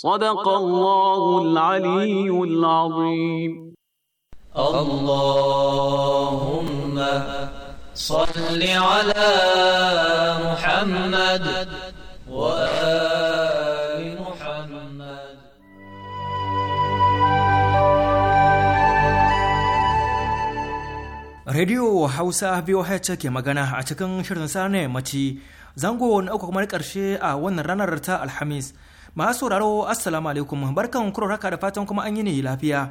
صدق الله العلي العظيم اللهم صل على محمد وآل محمد Radio Hausa VOH ke magana a cikin shirin sa ne mace zango na uku kuma na ƙarshe a wannan ranar ta Alhamis. masu sauraro assalamu alaikum barkan kuro raka da fatan kuma an yi ne lafiya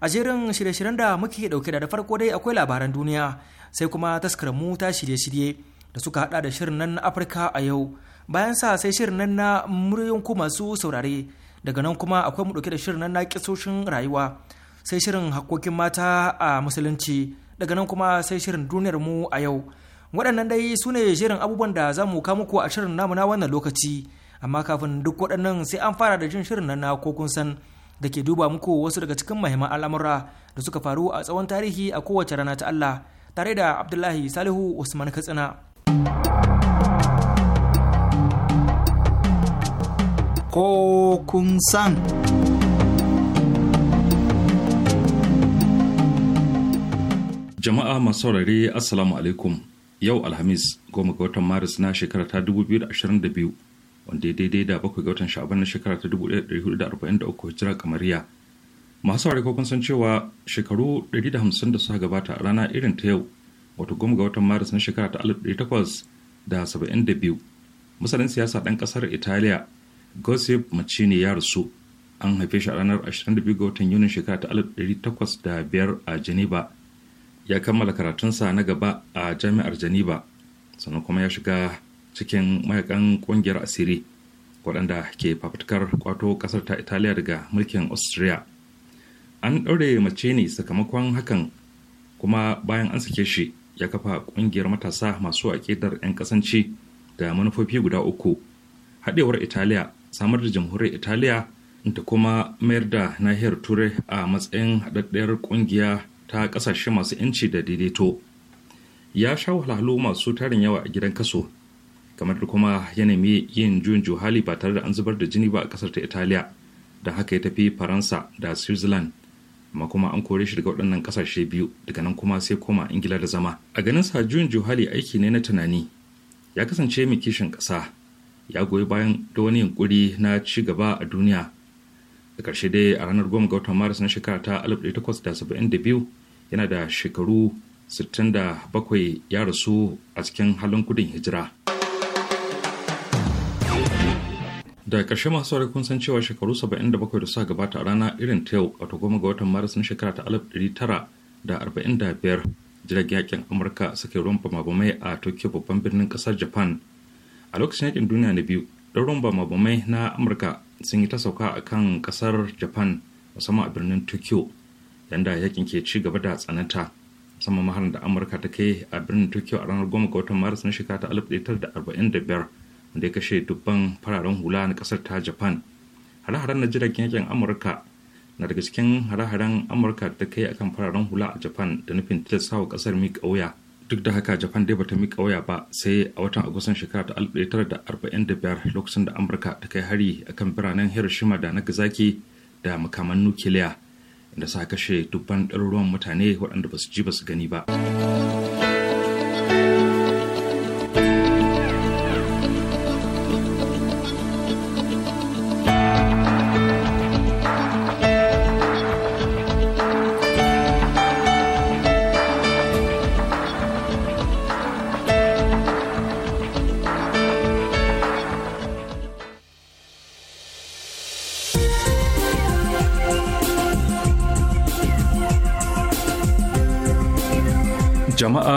a jerin shirye-shiryen da muke dauke da farko dai akwai labaran duniya sai kuma taskar mu ta shirye-shirye da suka hada da shirin nan na afirka a yau bayan sa sai shirin nan na muryoyin ku masu saurare daga nan kuma akwai mu dauke da shirin nan na kisoshin rayuwa sai shirin hakkokin mata a musulunci daga nan kuma sai shirin duniyar mu a yau waɗannan dai su ne shirin abubuwan da za mu kawo muku a shirin namu na wannan lokaci amma kafin duk waɗannan sai an fara da jin shirin na ko kun san da ke duba muku wasu daga cikin mahimman al'amura da suka faru a tsawon tarihi a kowace rana ta Allah tare da Abdullahi Salihu Usman Katsina. kokun san. Jama'a masu saurare Assalamu alaikum yau Alhamis goma ga watan Maris na shekara ta 2022 wanda daidai da bakwai ga watan sha'aban na shekara ta 1443 hijira kamariya masu ware kokon san cewa shekaru 150 da suka gabata a rana irin ta yau wato goma ga watan maris na shekara ta 1872 masanin siyasa ɗan ƙasar italiya gossip macini ya rasu an haife shi a ranar 22 ga watan yunin shekara ta 1805 a geneva ya kammala karatunsa na gaba a jami'ar geneva sannan kuma ya shiga cikin mayakan ƙungiyar asiri waɗanda ke fafutukar kwato ƙasar ta italiya daga mulkin austria an ɗaure mace ne sakamakon hakan kuma bayan an sake shi ya kafa ƙungiyar matasa masu aƙidar 'yan ƙasanci da manufofi guda uku haɗewar italiya samar da jamhuriyar italiya da kuma mayar da nahiyar turai a matsayin haɗaɗɗiyar ƙungiya ta ƙasashe masu 'yanci da daidaito ya sha wahalhalu masu tarin yawa a gidan kaso kamar da kuma yanayin yin juyin juhali ba tare da an zubar da jini ba a kasar ta italiya da haka ya tafi faransa da switzerland amma kuma an kore shi daga waɗannan ƙasashe biyu daga nan kuma sai koma ingila da zama a ganin sa juyin juhali aiki ne na tunani ya kasance mai kishin ƙasa ya goyi bayan da wani yunkuri na ci gaba a duniya da ƙarshe dai a ranar goma ga watan maris na shekara ta 1872 yana da shekaru 67 ya rasu a cikin halin kudin hijira. da ƙarshe masu sauri kun san cewa shekaru 77 da suka gabata a rana irin ta yau wato goma ga watan maris na shekara ta 1945 jiragen yakin amurka suka ruwan mabamai a tokyo babban birnin ƙasar japan a lokacin yakin duniya na biyu ɗaurin mabamai na amurka sun yi ta sauka a kan ƙasar japan musamman a birnin tokyo yadda yakin ke ci gaba da tsananta musamman maharin da amurka ta kai a birnin tokyo a ranar goma ga watan maris na shekara ta 1945 wanda ya kashe dubban fararen hula na kasar ta japan hare-haren na jiragen yakin amurka na daga cikin hare-haren amurka da kai akan fararen hula a japan da nufin wa kasar miƙa kauya duk da haka japan dai bata mi kauya ba sai a watan agustan shekara ta da arba'in biyar lokacin da amurka ta kai hari akan biranen hiroshima da nagasaki da makaman nukiliya inda sa kashe dubban ɗaruruwan mutane waɗanda ba su ji ba su gani ba.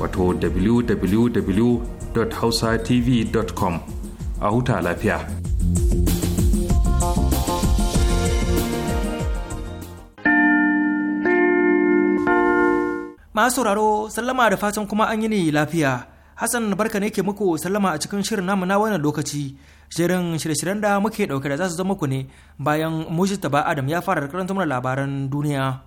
wato www.hausatv.com a huta lafiya. Masu sauraro sallama da fatan kuma an yi ne lafiya. Hassan barka ne ke muku sallama a cikin shirin namu na wannan lokaci. Shirin shirye-shiryen da muke dauke da za su zama ku ne bayan ba Adam ya fara karanta mana labaran duniya.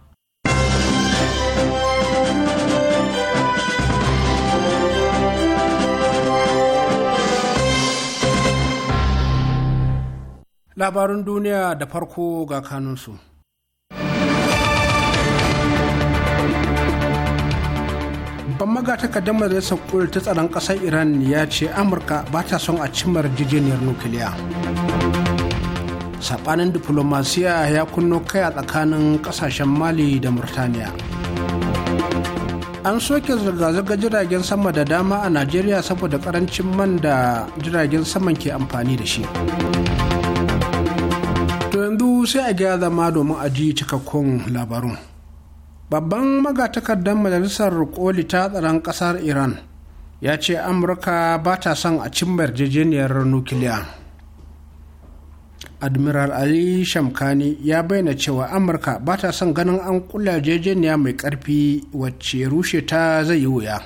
Labarin duniya da farko ga kanunsu. Ban maga takardar majalisar kuri ta tsaron ƙasar Iran ya ce Amurka ba ta son a cimar jijiniyar nukiliya. Saɓanin diplomasiya ya kunno kai a tsakanin ƙasashen Mali da Murtaniya. An soke zirga-zirga jiragen sama da dama a Najeriya saboda ƙarancin man da jiragen saman ke amfani da shi. yanzu sai a gaya zama domin a ji cikakkun labarun babban magatakardar majalisar koli ta tsaron kasar iran ya ce amurka ba ta son a cimma yarjejeniyar nukiliya admiral ali shamkani ya bayyana cewa amurka ba ta son ganin an kula yarjejeniya mai karfi wacce rushe ta zai yi wuya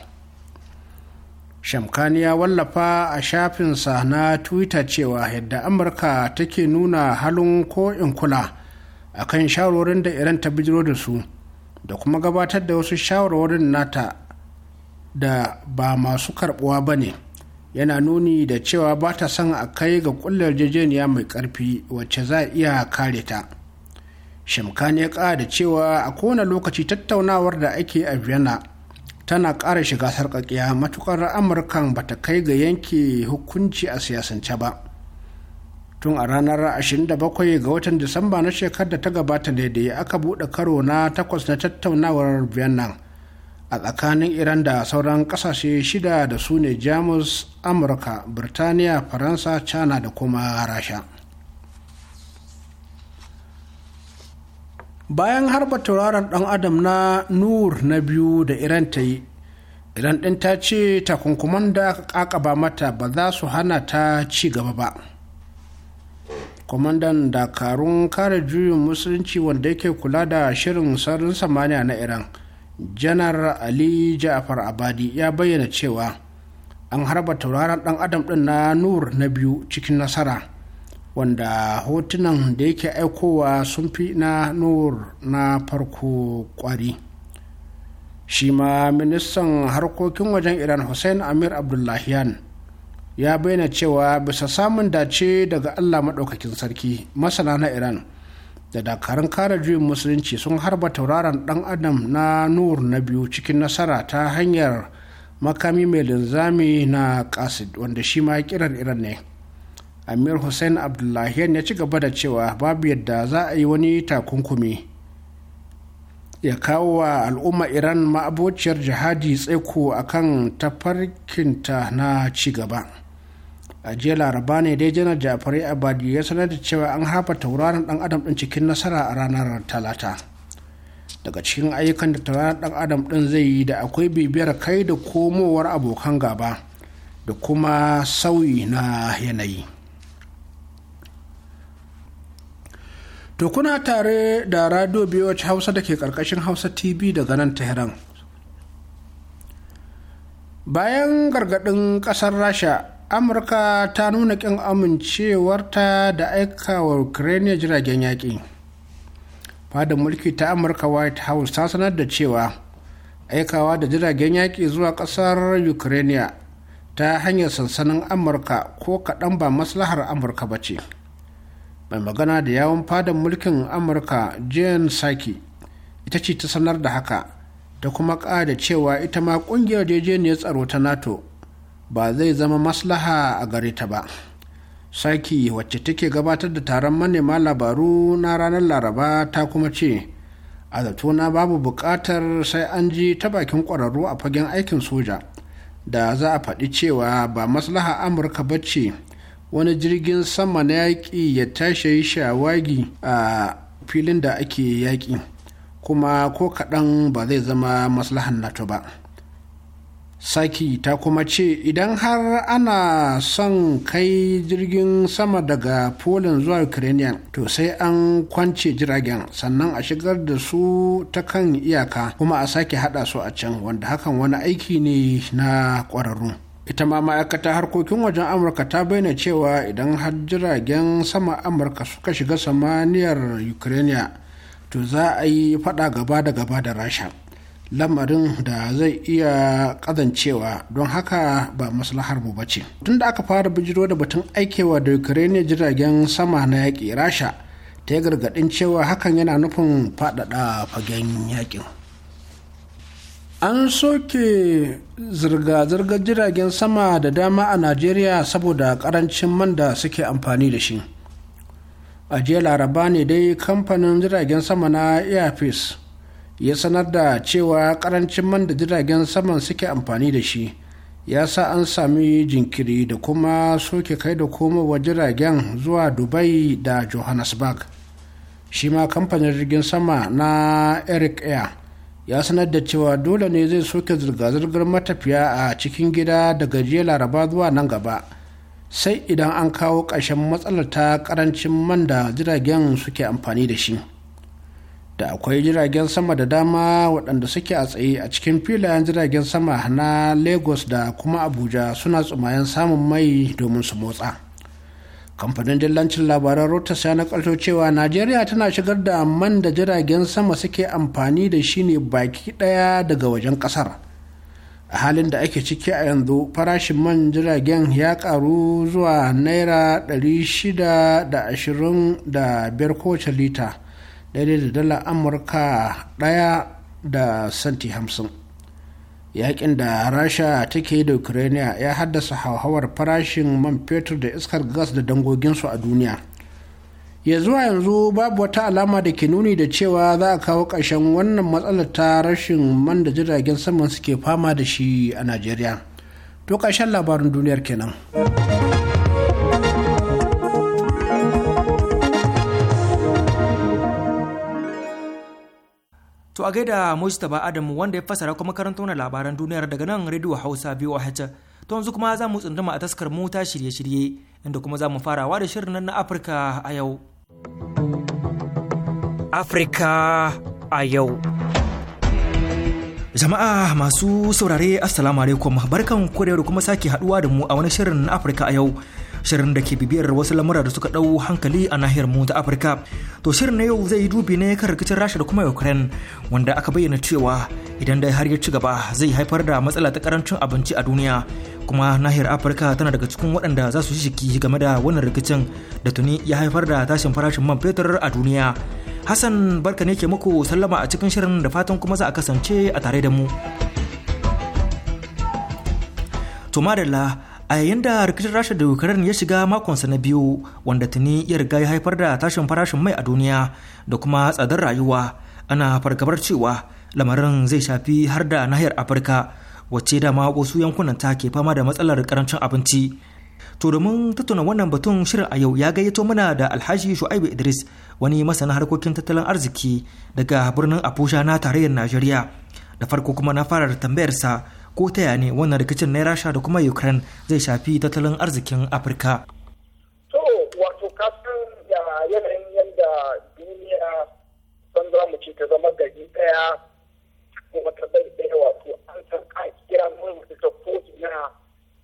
shamkani ya wallafa a shafinsa na twitter cewa yadda amurka take nuna halin ko in kula a kan shawarorin da iran ta bijiro da su da kuma gabatar da wasu shawarwarin nata da ba masu karbuwa ba ne yana nuni da cewa ba ta son a kai ga kullar jejeniya mai karfi wacce za a iya kare ta shamkani ya da cewa a kowane lokaci tattaunawar da ake a vienna tana ƙara shiga sarƙaƙiya matuƙar amurkan ba ta kai ga yanke hukunci a siyasance ba tun a ranar 27 ga watan disamba na shekarar da ta gabata ne da aka buɗe karo na takwas na tattaunawar Vietnam, a tsakanin iran da sauran ƙasashe shida da su ne jamus amurka birtaniya faransa china da kuma rasha bayan harba tauraron ɗan adam na nur na biyu da iran ta yi iran ɗin ta ce takunkuman da aka ƙaƙaba mata ba za su hana ta ci gaba ba kwamandan dakarun kare juyin musulunci wanda yake kula da shirin sararin samaniya na iran janar ali ja'afar abadi ya bayyana cewa an harba tauraron ɗan adam ɗin na nur na biyu cikin nasara wanda hotunan da yake aikowa sun fi na nur na farko kwari shi ma ministan harkokin wajen iran hussein amir abdullahian ya bayyana cewa bisa samun dace daga allah maɗaukakin sarki masana na iran da dakarun kare juyin musulunci sun harba tauraron dan adam na nur na biyu cikin nasara ta hanyar makami mai linzami na kasid wanda shi ma kiran iran ne amir hussein abdullahian ya ci gaba da cewa babu yadda za a yi wani takunkumi ya kawo wa al'umma iran ma'abociyar jihadi tsaiko a kan tafarkinta na ci gaba a jiya laraba ne dai janar jafari abadi ya sanar da cewa an hafa tauraron dan adam din cikin nasara a ranar talata daga cikin ayyukan da tauraron dan adam din zai yi da akwai bibiyar kai da komowar abokan gaba da kuma sauyi na yanayi To kuna tare da radio wacce Hausa da ke ƙarƙashin Hausa TV daga nan Tehran. Bayan gargaɗin ƙasar Rasha, Amurka ta nuna ƙin amincewarta da aikawa Ukraine jiragen yaƙi. Fadar mulki ta Amurka White House ta sanar da cewa aikawa da jiragen yaƙi zuwa ƙasar Ukraine ta hanyar sansanin Amurka ko kaɗan ba maslahar Amurka ba ce. mai magana da yawon fadan mulkin amurka jane saki ita ce ta sanar da haka ta kuma ƙada cewa ita ma ƙungiyar jejeniyar tsaro ta nato ba zai zama maslaha a gare ta ba saki wacce take gabatar da taron manema labaru na ranar laraba ta kuma ce a na babu buƙatar sai an ji ta bakin ƙwararru a fagen aikin soja da za a faɗi cewa ba maslaha amurka ba ce wani jirgin sama na yaƙi ya tashi shawagi a filin da ake yaƙi kuma ko kaɗan ba zai zama maslahan nato ba saki ta kuma ce idan har ana son kai jirgin sama daga polin zuwa ukrainian to sai an kwance jiragen sannan a shigar da su ta kan iyaka kuma a sake hada su a can wanda hakan wani aiki ne na ƙwararru ita ma ma'aikata harkokin wajen amurka ta bayyana cewa idan har jiragen sama amurka suka shiga samaniyar ukraine to za a yi fada gaba da gaba da rasha lamarin da zai iya kazancewa don haka ba maslahar mu ba ce. tun da aka fara bijiro da batun aikewa da ukraine jiragen sama na yaƙi rasha ta yi gargaɗin cewa hakan yana nufin faɗaɗa fagen yaƙin an soke zirga-zirgar jiragen sama da dama a najeriya saboda karancin man da suke amfani da shi a jiya laraba ne dai kamfanin jiragen sama na airpeace ya sanar da cewa karancin man da jiragen saman suke amfani da shi ya sa an sami jinkiri da kuma soke kai da komowa jiragen zuwa dubai da johannesburg shi ma kamfanin jirgin sama na eric air ya sanar da cewa dole ne zai soke zirga-zirgar matafiya a cikin gida daga jiya laraba zuwa nan gaba sai idan an kawo ƙarshen matsalar ta ƙarancin man da jiragen suke amfani da shi da akwai jiragen sama da dama waɗanda suke a tsaye a cikin filayen jiragen sama na lagos da kuma abuja suna tsumayen samun mai domin su motsa. kamfanin dillancin labaran rotas ya nakalto cewa najeriya tana shigar da man da jiragen sama suke amfani da shi ne baki daya daga wajen kasar a halin da ake ciki a yanzu farashin man jiragen ya karu zuwa naira 625 kowace lita daidai da dala amurka daya da santi hamsin. yakin da rasha take da ukraine ya haddasa hauhawar farashin man fetur da iskar gas da dangoginsu a duniya ya zuwa yanzu babu wata alama da ke nuni da cewa za a kawo ƙarshen wannan matsalar ta rashin man da jiragen saman suke fama da shi a najeriya to ƙarshen labarin duniyar kenan. To a gaida Mustapha Adamu wanda ya fasara kuma karanto na labaran duniyar daga nan Radio Hausa a To yanzu kuma za mu tsunduma a taskar mota shirye-shirye inda kuma za mu farawa da shirin nan na Afirka a yau. Afirka a yau. Jama'a masu saurare Assalamu alaikum barkan ku da kuma sake haduwa da mu a wani shirin na Afirka a yau. shirin da ke bibiyar wasu lamura da suka ɗau hankali a nahiyar mu ta afirka to shirin na yau zai yi dubi ne kan rikicin rasha da kuma ukraine wanda aka bayyana cewa idan dai har ya ci gaba zai haifar da matsala ta karancin abinci a duniya kuma nahiyar afirka tana daga cikin waɗanda za su shiki game da wannan rikicin da tuni ya haifar da tashin farashin man fetur a duniya hassan barka ne ke muku sallama a cikin shirin da fatan kuma za a kasance a tare da mu to madalla a yayin da rikicin rasha da ukraine ya shiga makon sa na biyu wanda tuni ya riga ya haifar da tashin farashin mai a duniya da kuma tsadar rayuwa ana fargabar cewa lamarin zai shafi har da nahiyar afirka wacce dama wasu yankunan ta ke fama da matsalar karancin abinci to domin tattauna wannan batun shirin a yau ya gayyato mana da alhaji shu'aibu idris wani masana harkokin tattalin arziki daga birnin abuja na tarayyar najeriya da farko kuma na fara tambayarsa ko ta yane wannan rikicin na rasha da kuma ukraine zai shafi tattalin arzikin afirka to wato kasan ya yanayin yadda duniya san za mu ce ta zama gari daya kuma ta zai daya wato an san a kira mutu ta ko na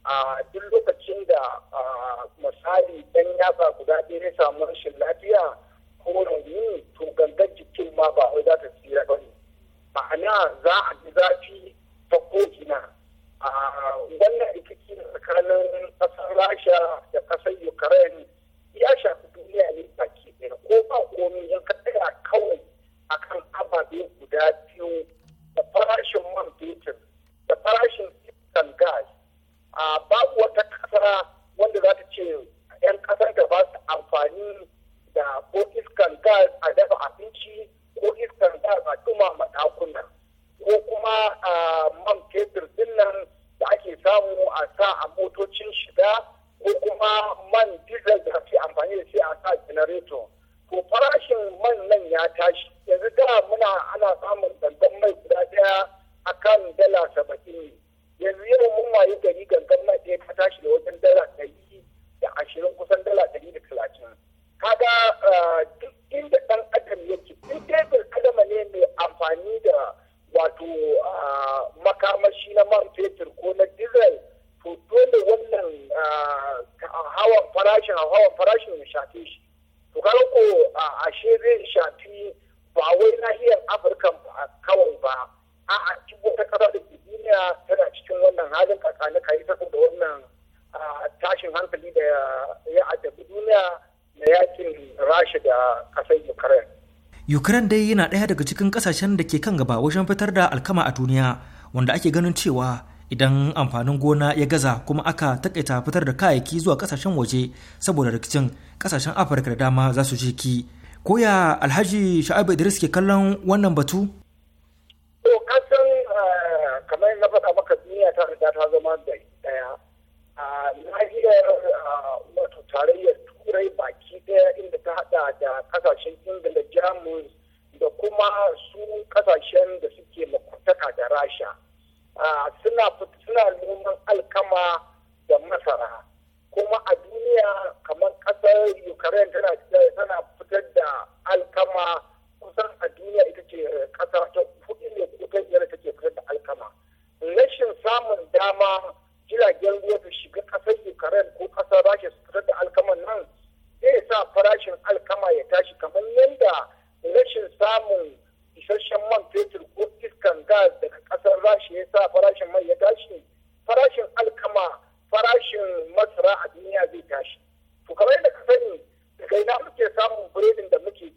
a duk lokacin da misali dan yatsa guda ɗaya ne samu rashin lafiya ko rauni to gangan jikin ma ba wai za ta tsira ba ne ma'ana za a ji zafi ta ko'ina a wannan rikici tsakanin ƙasar rasha da ƙasar ukraine ya shafi duniya ne baki ɗaya ko ba komi yan ka tsaya kawai kan ababe guda biyu da farashin man fetur da farashin fiskan gas a babu wata ƙasa wanda za ta ce 'yan ƙasar da ba su amfani da ko iskan gas a dafa abinci ko iskan gas a duma madakuna ko kuma a man fetur din da ake samu a sa a motocin shiga ko kuma man diesel da ake amfani da shi a sa generator to farashin man nan ya tashi yanzu da muna ana samun gangan mai guda daya kan dala saba'in yanzu yau mun waye gari gangan mai ɗaya ta tashi da wajen dala ɗari da ashirin kusan dala ɗari da talatin kaga duk inda ɗan adam yake duk adam ne mai amfani da wato makamashi na man fetur ko na diesel to dole wannan hawan farashin hawan farashin ya shafe shi to kaga ko ashe zai shafi ba wai nahiyar afirka kawai ba a a wata kasa da duniya tana cikin wannan halin kakanika yi saboda wannan tashin hankali da ya addabi duniya na yakin Rashi da kasar ukraine Ukraine dai yana ɗaya daga cikin ƙasashen da ke kan gaba wajen fitar da alkama a duniya wanda ake ganin cewa idan amfanin gona ya gaza kuma aka takaita fitar da kayayyaki zuwa ƙasashen waje saboda rikicin ƙasashen Afirka da dama za su je ki. Koya Alhaji Sha'abu Idris ke kallon wannan batu? To kasan eh, kamar na faɗa maka duniya ta riga ta zama da ɗaya. A nahiyar eh, wato tarayyar turai baki ɗaya inda ta hada da kasashen ingila jamus da kuma su kasashen da suke makwataka da rasha suna noman alkama da masara kuma a duniya kamar kasar ukraine tana fitar da alkama kusan a duniya ita ce kasa ta hudu ne ko ta ta ke fitar da alkama rashin samun dama jiragen ruwa ta shiga kasar ukraine ko ƙasar rasha su fitar da alkama nan zai sa farashin alkama ya tashi kamar yadda rashin samun isasshen man fetur ko iskan gas daga kasar rashi ya sa farashin mai ya tashi farashin alkama farashin masara a duniya zai tashi to kamar yadda ka sani daga ina muke samun biredin da muke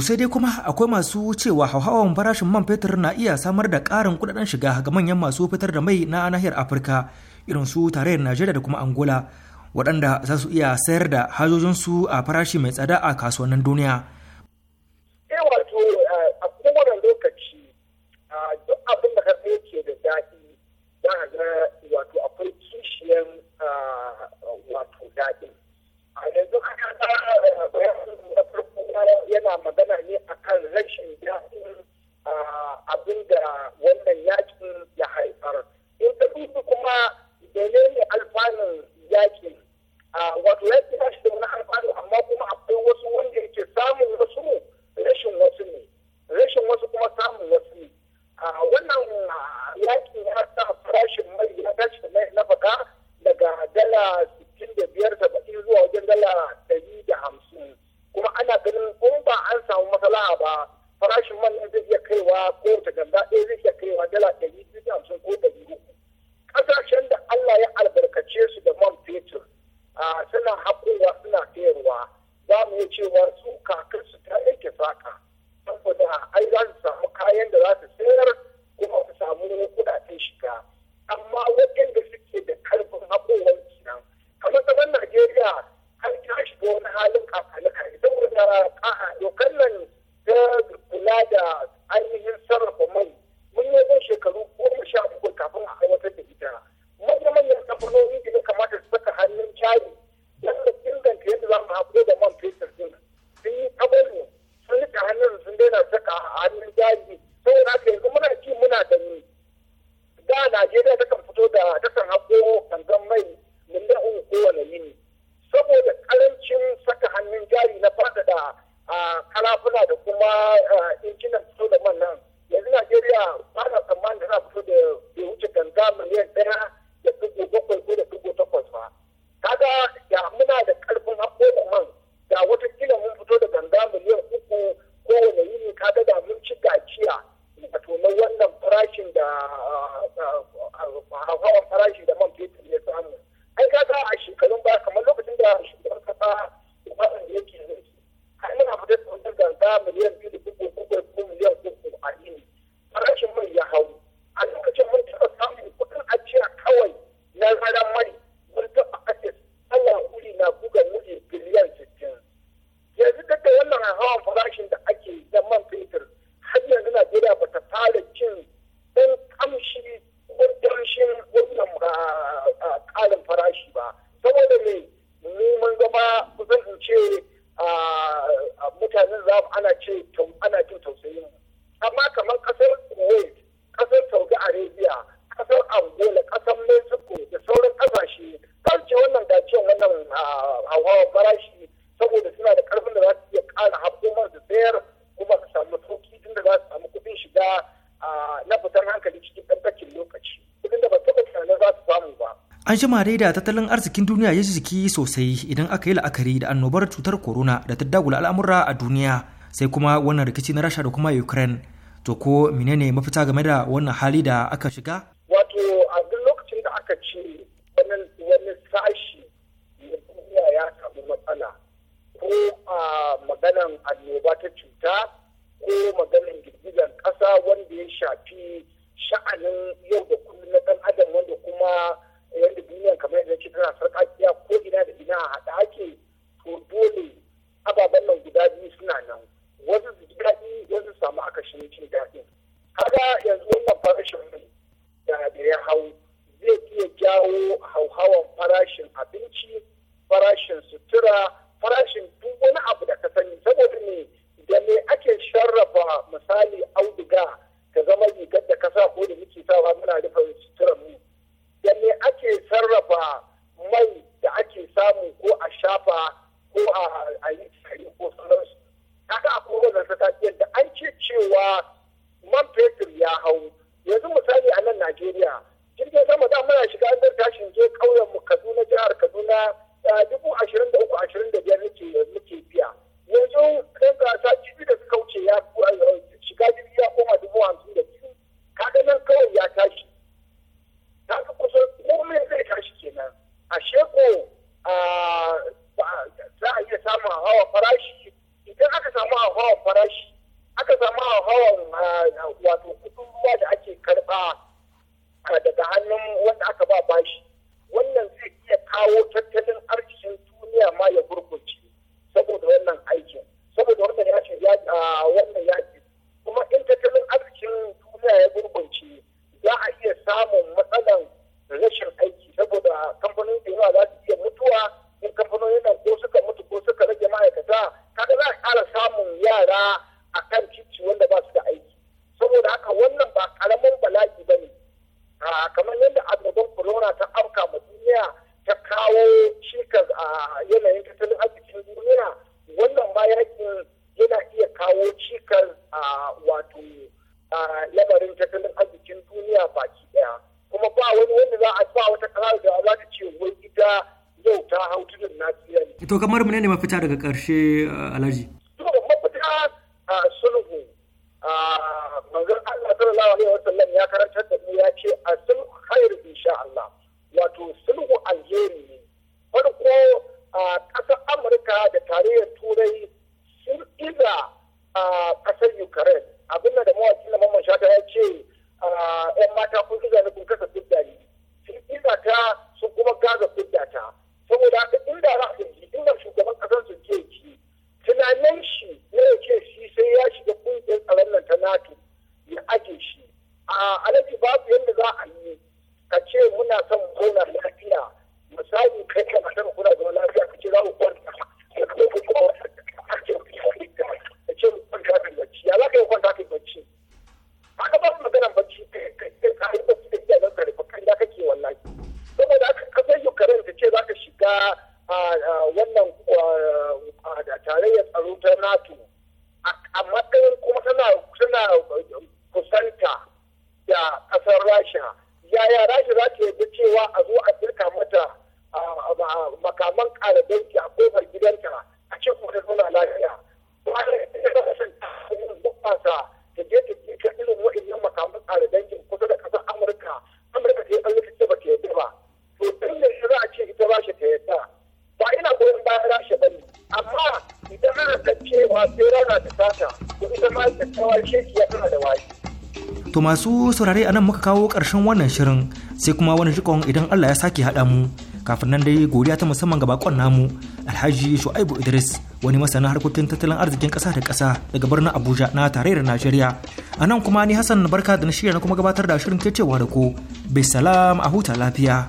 sai dai kuma akwai masu cewa hauhawan farashin man fetur na iya samar da ƙarin kudaden shiga ga manyan masu fitar da mai na nahiyar Afirka irin su tarayyar Najeriya da kuma Angola waɗanda za su iya sayar da hajojinsu a farashi mai tsada a kasuwannin duniya. Cânion an jima dai da tattalin arzikin duniya ya jiki sosai idan aka yi la'akari da annobar cutar corona da ta dagula al'amura a duniya sai kuma wannan rikici na rasha da kuma ukraine to ko menene mafita game da wannan hali da aka shiga wato a duk lokacin da aka ce wani sashi na duniya ya samu matsala ko a maganan annoba ta cuta ko maganan ne mafita daga ƙarshe eh, alhaji tashi za ta yarda cewa a zo a girka mata makaman ƙarabanki a kofar gidanta a ce kuma ta zauna lafiya bayan ita ta kasance ta je ta girka irin waɗannan makaman ƙarabankin kusa da ƙasar amurka amurka ta yi ɗan lokaci ba ta yarda ba to ɗin da za a ce ita ba shi ta yarda ba ina goyon bayan rasha ba ne amma idan ana ta cewa sai rana ta sata ko ita ma ta kawar shekiya tana da wari. to masu saurare a nan muka kawo ƙarshen wannan shirin sai kuma wani rikon idan Allah ya sake haɗa mu kafin nan dai godiya ta musamman ga bakon namu Alhaji Shu'aibu Idris wani masanin harkokin tattalin arzikin ƙasa da ƙasa daga birnin Abuja na tarayyar Najeriya. A nan kuma ni Hassan Barka da na shirya na kuma gabatar da shirin cewa da ku bai salam a huta lafiya.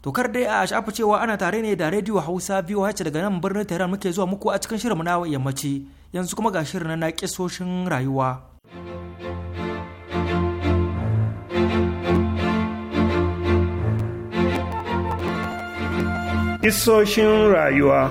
Tokar dai a shafa cewa ana tare ne da rediyo Hausa VOH daga nan birnin Tehran muke zuwa muku a cikin shirin na yammaci yanzu kuma ga shirin na kisoshin rayuwa. Isoshin rayuwa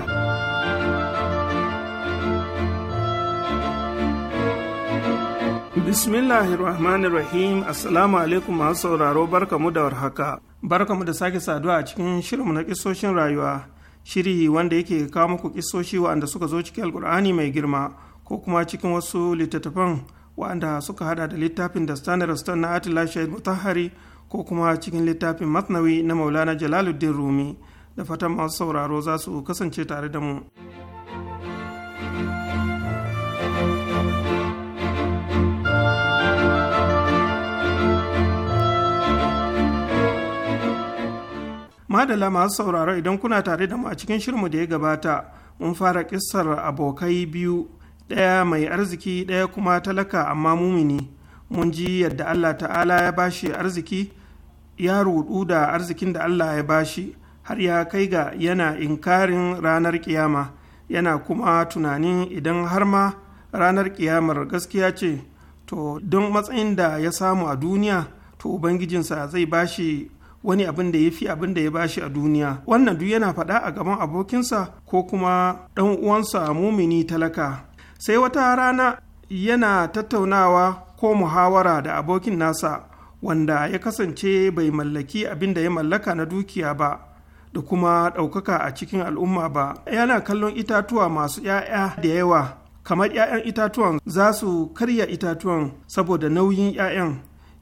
Bismillahirrahmanirrahim Assalamu alaikum masu sauraro barkamu da warhaka. mu da sake saduwa a cikin shirinmu na kisoshin rayuwa, shiri wanda yake kawo muku kisoshi waɗanda suka zo cikin alkur'ani mai girma ko kuma cikin wasu littattafan waɗanda suka hada da littafin da stanar na Atila Shahid Mutahari ko kuma cikin littafin Matnawi na Maulana Jalaluddin Rumi. da fatan masu sauraro za su kasance tare da mu. Madala masu sauraro idan kuna tare da mu a cikin shirmu da ya gabata mun fara kissar abokai biyu ɗaya mai arziki ɗaya kuma talaka amma mumini mun ji yadda Allah ta'ala ya bashi arziki ya rudu da arzikin da Allah ya bashi. har ya kai ga yana inkarin ranar kiyama yana kuma tunanin idan har ma ranar kiyamar gaskiya ce to don matsayin da ya samu a duniya to ubangijinsa zai bashi wani abin da ya fi abin da ya bashi a duniya wannan duk yana faɗa a gaban abokinsa ko kuma ɗan uwansa mumini talaka sai wata rana yana tattaunawa ko muhawara da abokin nasa wanda ya kasance bai mallaki abin da ya mallaka na dukiya ba da kuma ɗaukaka a cikin al'umma ba yana kallon itatuwa masu ‘ya'ya da yawa kamar ‘ya'yan itatuwan za su karya itatuwan saboda nauyin ‘ya'yan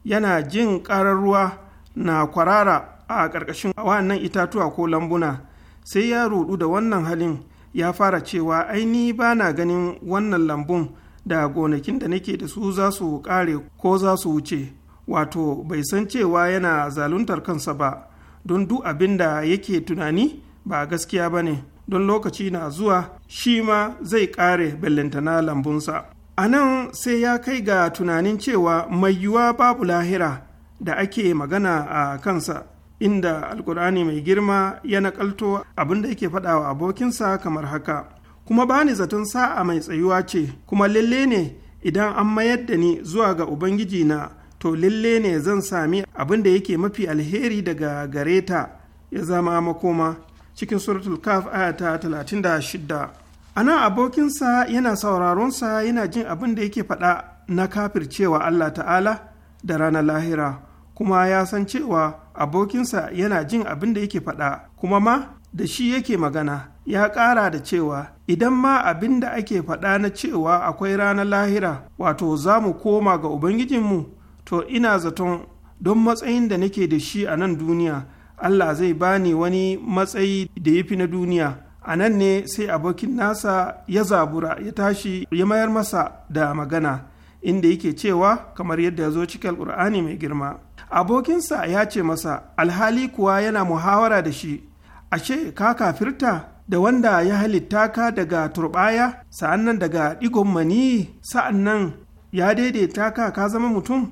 yana jin ƙarar ruwa na kwarara a ƙarƙashin wannan itatuwa ko lambuna sai ya rudu da wannan halin ya fara cewa aini ba na ganin wannan lambun da gonakin da nake da su za su ƙare ko za su wuce wato bai san cewa yana zaluntar kansa ba don duk abin da yake tunani ba gaskiya ba ne don lokaci na zuwa shi ma zai kare bellantana lambunsa a nan sai ya kai ga tunanin cewa mai yiwuwa babu lahira da ake magana a kansa inda alkur'ani mai girma ya nakalto abin da yake faɗawa abokinsa kamar haka kuma bani zaton sa'a mai tsayuwa ce kuma lalle ne idan an mayar da ni zuwa ga ubangiji na to lalle ne zan sami abin da yake mafi alheri daga gare ta ya zama makoma cikin suratul kaf ayata 36 ana abokinsa yana sauraronsa yana jin abin da yake faɗa na kafircewa Allah ta'ala da ranar lahira kuma ya san cewa abokinsa yana jin abin da yake faɗa kuma ma da shi yake magana ya ƙara da cewa idan ma abin da ake faɗa na cewa akwai ranar lahira wato za mu koma ga ubangijinmu to ina zaton don matsayin da nake da shi a nan duniya Allah zai bani wani matsayi da ya fi na duniya a nan ne sai abokin nasa ya zabura ya tashi ya mayar masa da magana inda yake cewa kamar yadda ya zo cikin alkur'ani mai girma abokinsa ya ce masa alhali kuwa yana muhawara da shi ashe ka kafirta da wanda ya halitta ka daga turbaya sa'annan daga digon mani sa'annan ya daidaita ka ka zama mutum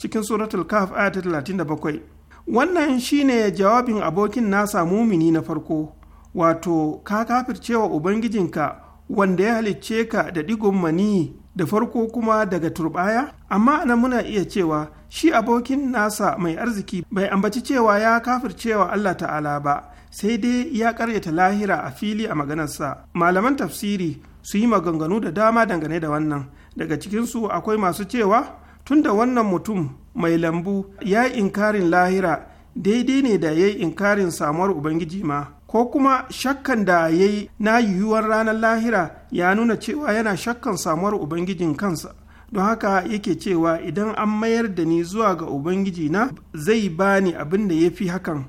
cikin suratul kaf aya ta 37 wannan shine jawabin abokin nasa mumini na farko wato ka kafircewa ubangijinka wanda ya halicce ka da digon mani da farko kuma daga turbaya amma ana muna iya cewa shi abokin nasa mai arziki bai ambaci cewa ya kafircewa Allah ta'ala ba sai dai ya karyata lahira a fili a maganarsa malaman tafsiri su yi maganganu da dama dangane da wannan daga cikinsu akwai masu cewa tunda wannan mutum mai lambu ya yi inkarin lahira daidai ne da ya yi inkarin samuwar ubangiji ma ko kuma shakkan da ya yi na yiwuwar ranar lahira ya nuna cewa yana shakkan samuwar ubangijin kansa don haka yake cewa idan an mayar da ni zuwa ga ubangiji na zai bani abin da ya fi hakan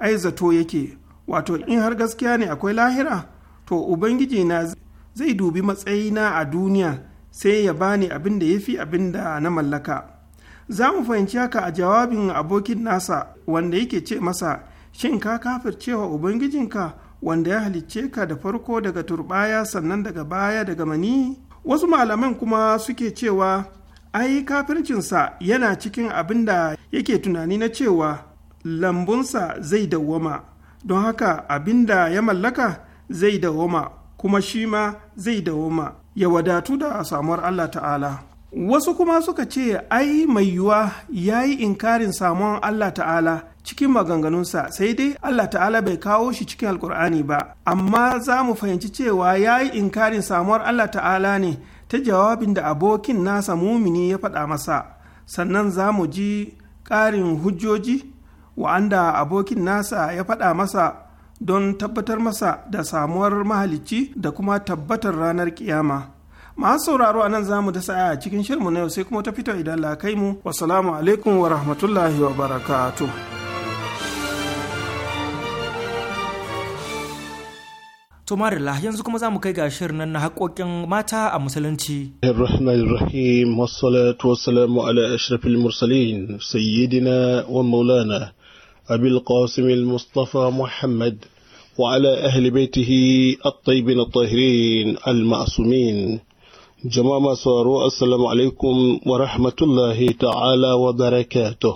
ai zato yake wato in har gaskiya ne akwai lahira to ubangiji na zai dubi matsayina a duniya sai ya bani abin da ya fi abin da na mallaka za mu fahimci haka a jawabin abokin nasa wanda yake ce masa shin ka kafircewa ubangijinka wanda ya halicce ka da farko daga turbaya sannan daga baya daga mani wasu malaman kuma suke cewa ai kafircinsa yana cikin abin da yake tunani na cewa lambunsa zai dawwama don haka abin da ya mallaka zai dawwama kuma shi ma zai dawwama ya wadatu da samuwar Allah ta'ala wasu kuma suka ce ai mai yiwuwa ya yi inkarin samuwar Allah ta'ala cikin maganganunsa sai dai Allah ta'ala bai kawo shi cikin alkur'ani ba amma za mu fahimci cewa ya yi inkarin samuwar Allah ta'ala ne ta jawabin da abokin nasa mumini ya faɗa masa sannan za mu ji ƙarin hujjoji wa'anda abokin nasa ya faɗa masa don tabbatar masa da samuwar mahalicci da kuma tabbatar ranar kiyama masu sauraro a nan za mu dasa a cikin shirmu na yau sai kuma ta fito idan la kai mu wasalamu alaikum wa rahmatullahi wa barakatu. To Marilla yanzu kuma za mu kai ga shirin nan na haƙoƙin mata a musulunci. ar Ar-Rahim wassalatu wassalamu ala ashrafil mursalin sayyidina wa maulana Abil Qasim al-Mustafa Muhammad وعلى أهل بيته الطيبين الطاهرين المعصومين جماعة سوارو السلام عليكم ورحمة الله تعالى وبركاته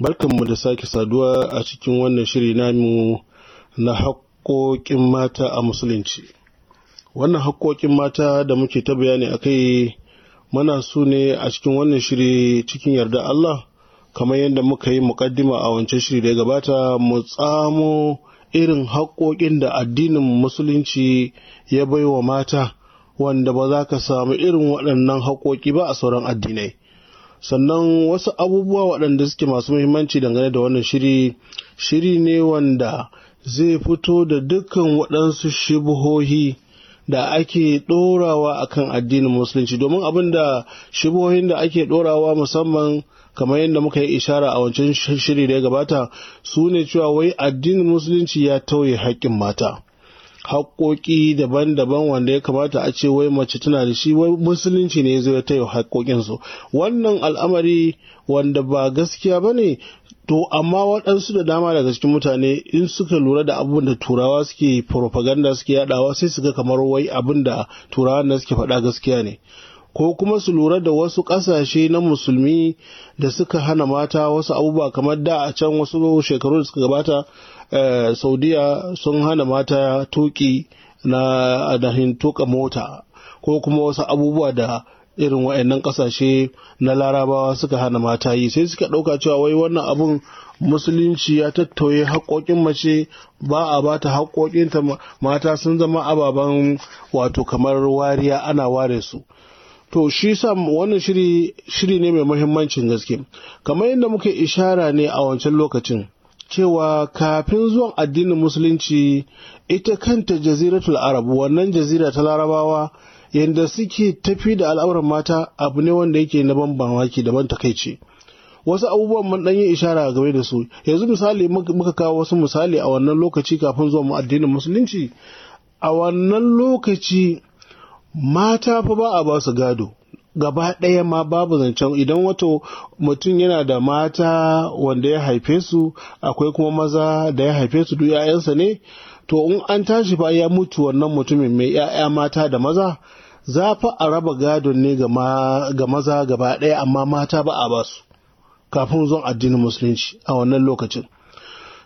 barkan mu da sake saduwa a cikin wannan shiri namu na haƙoƙin mata a musulunci wannan haƙoƙin mata da muke ta bayani a kai mana su ne a cikin wannan shiri cikin yarda Allah kamar yadda muka yi muƙaddima a wancan shiri da ya gabata mu tsamo irin haƙoƙin da addinin musulunci ya bai wa mata wanda ba za ka samu irin waɗannan haƙoƙi ba a sauran addinai sannan wasu abubuwa waɗanda suke masu muhimmanci dangane da wannan shiri shiri ne wanda zai fito da dukkan waɗansu shibuhohi da ake ɗorawa a kan addinin musulunci domin abin da shibohin da ake ɗorawa musamman kamar yadda muka yi ishara a wancan shiri da ya gabata su ne cewa wai addinin musulunci ya tauye haƙƙin mata haƙoƙi daban-daban wanda ya kamata a ce wai mace tana da shi wai musulunci ne zai ta yi haƙoƙinsu wannan al'amari wanda ba gaskiya ba ne To, amma waɗansu da dama daga cikin mutane in suka lura da abin da turawa suke propaganda suke yaɗawa sai su ga kamar wai abin da turawan da suke faɗa gaskiya ne. Ko kuma su lura da wasu ƙasashe na musulmi da suka hana mata wasu abubuwa kamar da a can wasu shekaru da suka gabata Saudiyya eh, Saudiya sun hana mata tuƙi na adahin tuƙa mota ko kuma wasu abubuwa da irin wa'annan kasashe na larabawa suka hana mata yi sai suka ɗauka cewa wai wannan abun musulunci ya tattauye haƙoƙin mace ba a bata ta mata sun zama ababen wato kamar wariya ana ware su to shi sa wannan shiri shiri ne mai muhimmancin gaske kamar yadda muke ishara ne a wancan lokacin cewa kafin zuwan addinin musulunci ita kanta jaziratul Arabu, wannan jazira ta larabawa yadda suke tafi da al'auran mata abu ne wanda yake na ban mamaki daban takaici wasu abubuwan mun dan yi ishara game da su yanzu misali muka kawo wasu misali a wannan lokaci kafin zuwa mu addinin musulunci a wannan lokaci mata fa ba a ba su gado gaba ɗaya ma babu zancen idan wato mutum yana da mata wanda ya haife su akwai kuma maza da ya haife su duk 'ya'yansa ne to in an tashi fa ya mutu wannan mutumin mai 'ya'ya mata da maza za fa a raba gadon ne ga maza gaba ɗaya amma mata ba a basu kafin zuwan addinin musulunci a wannan lokacin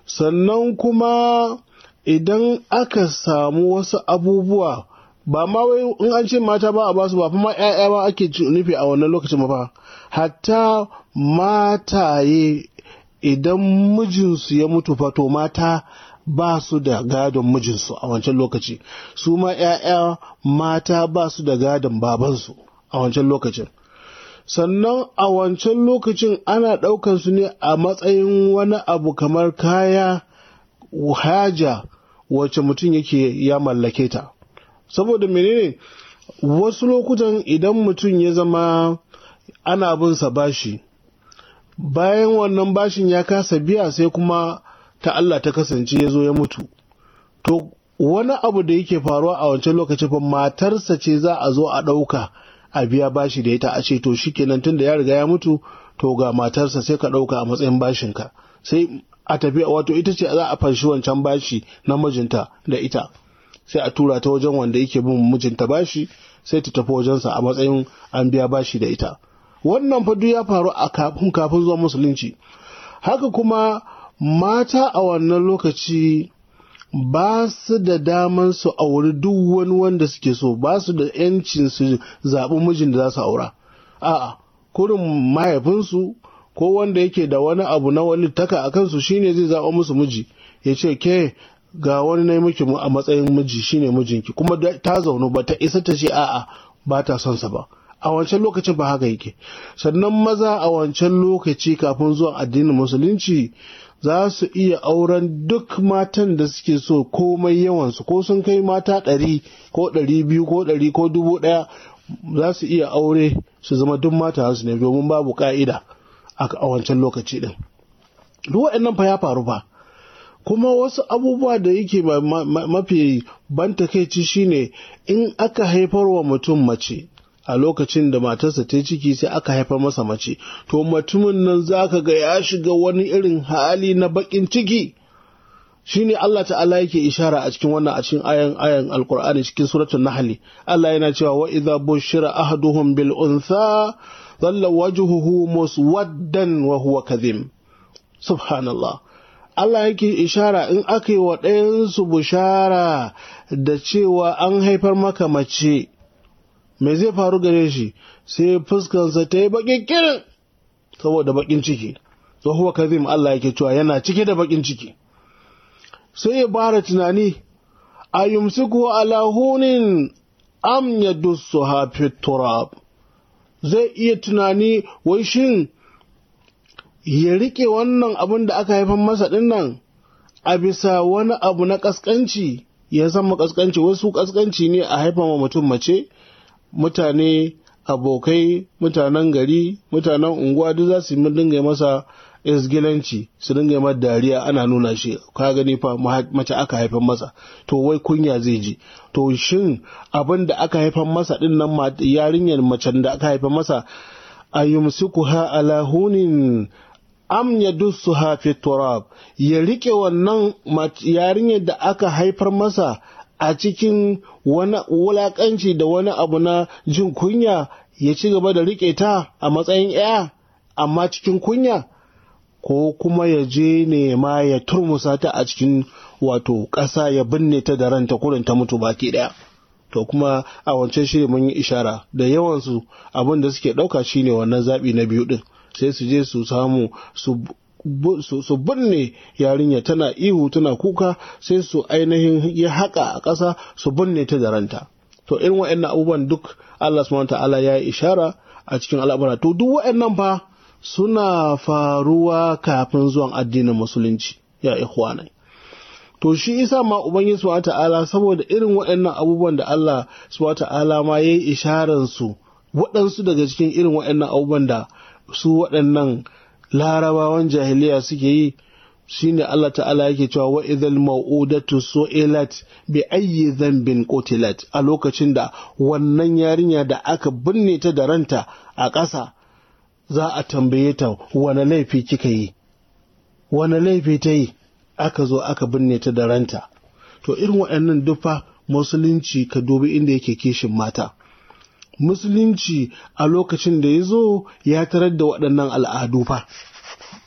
sannan kuma idan aka samu wasu abubuwa ba ma wai in an ce mata ba a basu ba ma 'ya'ya ba ake nufi a wannan lokacin ba hatta mataye idan mijinsu ya mutu fa fato mata ba su da gadon mijinsu a wancan lokaci su ma 'ya'ya mata ba su da gadon babansu a wancan lokacin sannan a wancan lokacin ana ɗaukan su ne a matsayin wani abu kamar kaya haja wacce mutum yake ya mallake ta saboda menene wasu lokutan idan mutum ya zama ana binsa bashi bayan wannan bashin ya kasa biya sai kuma ta Allah ta kasance ya zo ya mutu to wani abu da yake faruwa a wancan lokaci fa matarsa ce za a zo a ɗauka a biya bashi da ita a ce to shi kenan tun da ya riga ya mutu to ga matarsa sai ka ɗauka a matsayin bashinka sai a tafi wato ita ce za a fanshi wancan bashi na mijinta da ita sai a tura ta wajen wanda yake bin mijinta bashi sai ta tafi wajensa a matsayin an biya bashi da ita wannan fa ya faru a kafin kafin zuwa musulunci haka kuma mata a wannan lokaci ba su da daman su auri duk wani wanda suke so ba su da 'yancin su zaɓi mijin da za su aura a'a kurin mahaifinsu ko wanda yake da wani abu na wani taka a kansu shine zai zaɓa musu miji ya ce ke ga wani na miki a matsayin miji shine mijinki kuma ta zaune ba ta isa ta ce a'a ba ta son sa ba a wancan lokacin ba haka yake sannan maza a wancan lokaci kafin zuwa addinin musulunci za su iya auren duk matan da suke so komai yawansu ko sun kai mata ɗari ko ɗari biyu ko ɗari ko dubu ɗaya za su iya aure su zama duk mata su ne domin babu ka'ida a wancan lokaci ɗin duk waɗannan fa ya faru ba kuma wasu abubuwa da yake mafi ban takaici shine in aka haifarwa mutum mace a lokacin da matarsa ta ciki sai aka haifar masa mace to mutumin nan zaka ga ya shiga wani irin hali na bakin ciki shine Allah ta'ala yake ishara a cikin wannan a cikin ayan ayan alqur'ani cikin suratul nahl Allah yana cewa wa idza bushira ahaduhum bil untha dhalla wajhuhu muswaddan wa huwa kadhim subhanallah Allah yake ishara in aka yi wa ɗayansu bushara da cewa an haifar maka mace me zai faru gare shi sai fuskarsa ta yi baƙin kirin saboda baƙin ciki huwa kazim Allah yake cewa yana cike da bakin ciki sai ya bara tunani a yumsiku ala hunin am ya dusu turab zai iya tunani wai shin ya riƙe wannan abin da aka haifar masa ɗinnan a bisa wani abu na ƙasƙanci ya zama ƙasƙanci wasu ƙasƙanci ne a haifa ma mutum mace mutane abokai mutanen gari mutanen unguwa duk za su dinga masa isgilanci su dinga masa dariya ana nuna shi ka gani fa mace aka haifan masa to wai kunya zai ji to shin abin da aka haifan masa din nan yarinyar macen da aka haifan masa ha ala hunin am ya dusu hafi turab ya rike wannan yarinyar da aka haifar masa a cikin wani wulaƙanci da wani abu na jin kunya ya ci gaba da riƙe ta a matsayin ‘ya amma cikin kunya ko kuma ya je ne ma ya turmusa ta a cikin wato ƙasa ya binne ta da ranta kurin ta mutu baki ɗaya. To kuma a wancan shiri mun yi ishara da yawansu abin da suke ɗauka shine wannan zaɓi na biyu ɗin sai su je su samu su su binne yarinya tana ihu tana kuka sai su ainihin ya haƙa a ƙasa su binne ta da ranta to irin wa'annan abubuwan duk Allah subhanahu ta'ala ya yi ishara a cikin al'amura to duk nan fa suna faruwa kafin zuwan addinin musulunci ya ikhwanai to shi isa ma ubangiji subhanahu ta'ala saboda irin wa'annan abubuwan da Allah subhanahu ta'ala ma yayi isharar su waɗansu daga cikin irin wa'annan abubuwan da su waɗannan larabawan jahiliya suke yi shine Allah ta'ala yake cewa wa idhal mau'udatu su'ilat bi ayyi dhanbin qutilat a lokacin da wannan yarinya da aka binne ta da ranta a ƙasa za a tambaye ta wani laifi kika yi wani laifi ta yi aka zo aka binne ta da ranta to irin waɗannan dufa musulunci ka dubi inda yake kishin mata musulunci a lokacin da ya zo ya tarar da waɗannan al'adu fa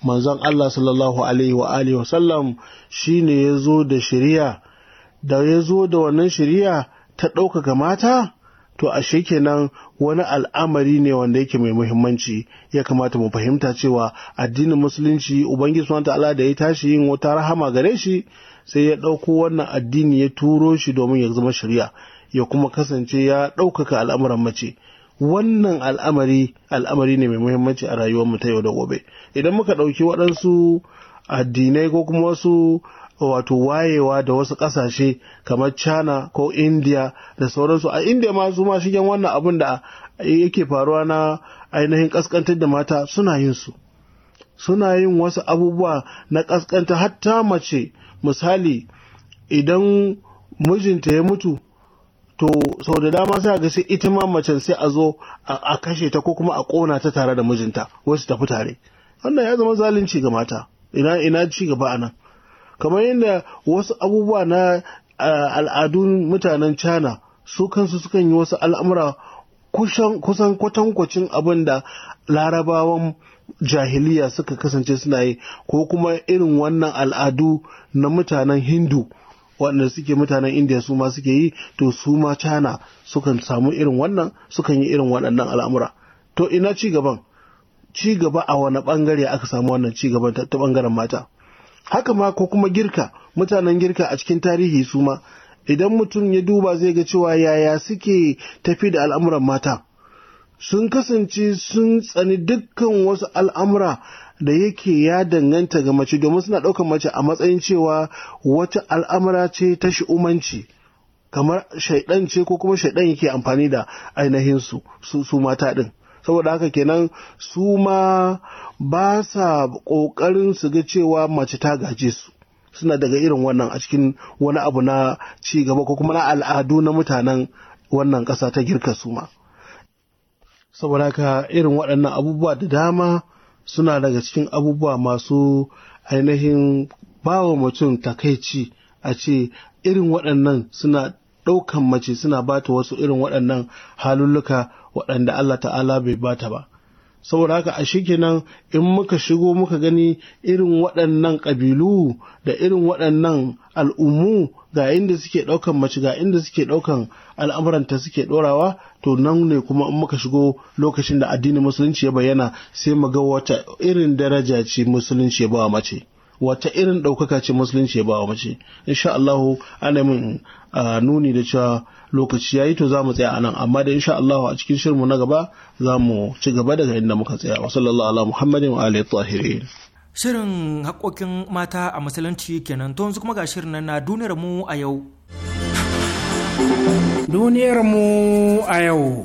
manzon Allah sallallahu alaihi wa alihi wasallam shi ne ya zo da shiriya da ya zo da wannan shiriya ta ɗaukaka mata to ashe kenan wani al'amari ne wanda yake mai muhimmanci ya kamata mu fahimta cewa addinin musulunci ubangiji subhanahu ta'ala da ya tashi yin wata rahama gare shi sai ya ɗauko wannan addini ya turo shi domin ya zama shari'a ya kuma kasance ya ɗaukaka al'amuran mace wannan al'amari al'amari ne mai muhimmanci a rayuwarmu ta yau da gobe idan muka ɗauki waɗansu addinai ko kuma wasu wato wayewa da wasu ƙasashe kamar china ko india da sauransu a india ma su ma shigen wannan abun da yake faruwa na ainihin ƙasƙantar da mata suna yin su suna yin wasu abubuwa na ƙasƙanta hatta mace misali idan mijinta ya mutu to sau da dama sai ga sai ita ma macen sai a zo a kashe ta ko kuma a ƙona ta tare da mijinta wasu tafi tare wannan ya zama zalunci ga mata ina ina ci gaba anan kamar yadda wasu abubuwa na al'adun mutanen China su kansu sukan yi wasu al'amura kusan kwatankwacin abin da larabawan jahiliya suka kasance suna yi ko kuma irin wannan al'adu na mutanen hindu waɗanda suke mutanen indiya su ma suke yi to su ma china sukan samu irin wannan sukan yi irin waɗannan al'amura to ina ci gaban ci gaba a wani ɓangare aka samu wannan ci gaban ta ɓangaren mata haka ma ko kuma girka mutanen girka a cikin tarihi su ma idan mutum ya duba zai ga cewa yaya suke tafi da al'amuran mata sun kasance sun tsani dukkan wasu al'amura da yake ya danganta ga mace domin suna ɗaukar mace a matsayin cewa wata al'amura ce ta shi'umanci kamar shaidan ce ko kuma shaidan yake amfani da ainihin su su mata ɗin saboda haka kenan su ma ba sa ƙoƙarin su ga cewa mace ta gaje su suna daga irin wannan a cikin wani abu na ci gaba ko kuma na al'adu na mutanen wannan ƙasa ta girka su ma saboda haka irin waɗannan abubuwa da dama suna daga cikin abubuwa masu ainihin bawa mutum takaici a ce irin waɗannan suna ɗaukan mace suna bata wasu irin waɗannan halulluka waɗanda Allah ta'ala bai bata ba saboda haka a kenan in muka shigo muka gani irin waɗannan ƙabilu da irin waɗannan al'ummu ga inda suke ɗaukan mace ga inda suke ɗaukan al'amuranta suke ɗorawa to nan ne kuma in muka shigo lokacin da addinin musulunci ya bayyana sai mu ga wata irin daraja ce musulunci ya bawa mace wata irin ɗaukaka ce musulunci ya bawa mace insha Allah ana min ah, nuni da cewa lokaci ya yi to za mu tsaya anan amma da insha Allah a cikin shirmu na gaba za mu ci gaba daga inda muka tsaya wa sallallahu ala muhammadin wa alihi tahirin shirin haƙoƙin mata a musulunci kenan to yanzu kuma ga shirin na duniyar mu a yau duniyar mu a yau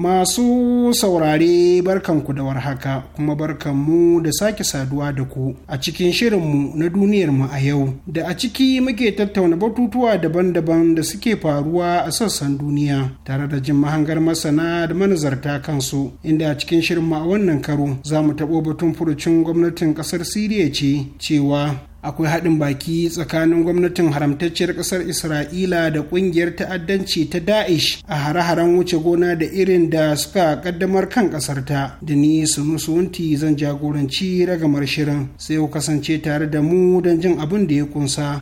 Masu saurare barkanku da warhaka kuma barkanmu da sake saduwa da ku a cikin shirinmu na duniyarmu a yau da a ciki muke tattauna batutuwa daban-daban da suke faruwa a sassan duniya tare da jin mahangar masana da manazarta kansu inda a cikin shirinmu a wannan karo za mu taɓo batun furucin gwamnatin ƙasar Siriya ce cewa akwai haɗin baki tsakanin gwamnatin haramtacciyar ƙasar isra'ila da ƙungiyar ta'addanci ta da'ish a hare-haren wuce gona da irin da suka ƙaddamar kan ƙasar ta da ni sunusunti zan jagoranci ragamar shirin sai ku kasance tare da mu don jin abin da ya kunsa.